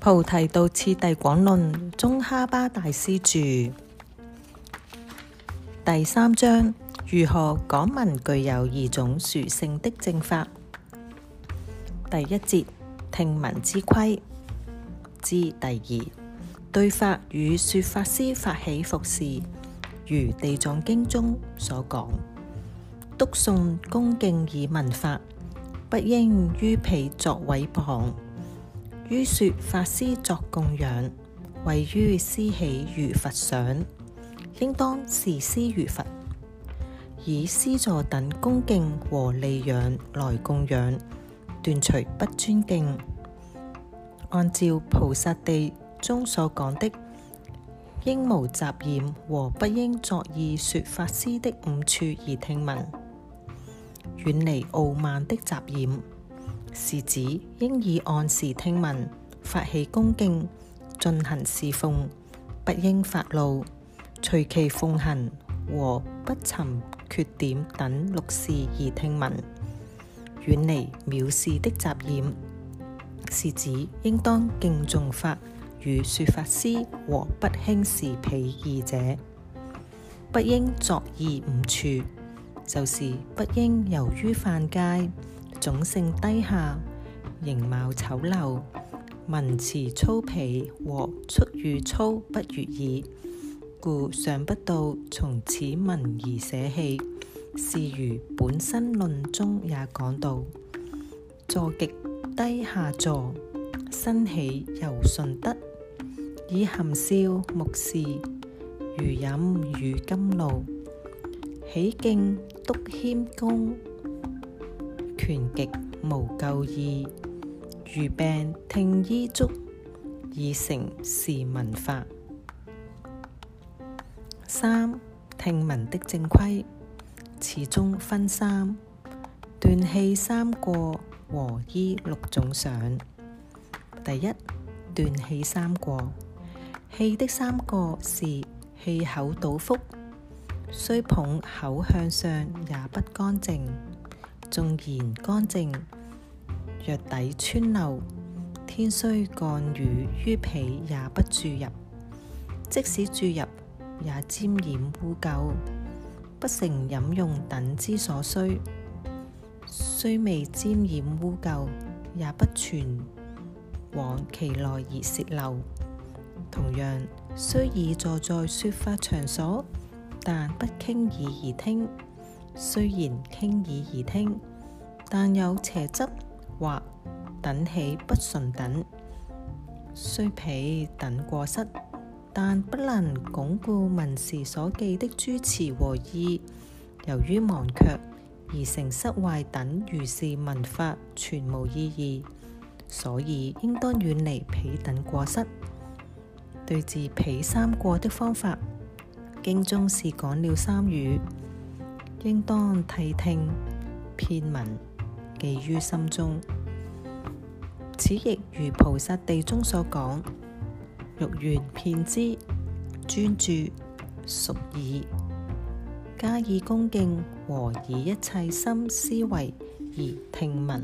菩提道次第廣論，宗喀巴大師著。第三章：如何講聞具有二種殊勝的正法？第一節：聽聞之規之第二，對法與說法師發起服侍，如地藏經中所講，篤信恭敬以聞法，不應於彼作位旁。於説法師作供養，位於師起如佛想，應當視師如佛，以師座等恭敬和利養來供養，斷除不尊敬。按照菩薩地中所講的應無雜染和不應作意説法師的五處而聽聞，遠離傲慢的雜染。是指應以按時聽聞、發起恭敬、進行侍奉，不應發怒、隨其奉行和不尋缺點等六事而聽聞，遠離藐視的雜染。是指應當敬重法與說法師和不輕視鄙夷者，不應作意五處，就是不應由於犯戒、種性低下，形貌醜陋，文辭粗鄙和出語粗不悅耳，故想不到從此文而捨棄。是如本身論中也講到：坐極低下座，身起柔順德，以含笑目視，如飲乳甘露，喜敬篤謙恭。全極無救意，如病聽醫囑，以成是聞法。三聽聞的正規，始終分三斷氣三過和依六種想。第一斷氣三過，氣的三過是氣口倒覆，雖捧口向上，也不乾淨。縱然乾淨，若底穿漏，天雖降雨於彼也不注入；即使注入，也沾染污垢，不成飲用等之所需。雖未沾染污垢，也不全往其內而泄漏。同樣，雖已坐在說法場所，但不傾耳而聽。雖然傾耳而聽，但有邪執或等起不順等，雖彼等過失，但不能鞏固聞時所記的諸詞和義。由於忘卻而成失壞等，如是文法全無意義，所以應當遠離彼等過失。 對治彼三過的方法，經中是講了三語。應當諦聽篇文記於心中，此亦如菩薩地中所講，欲願遍知專注屬耳，加以恭敬，和以一切心思維而聽聞。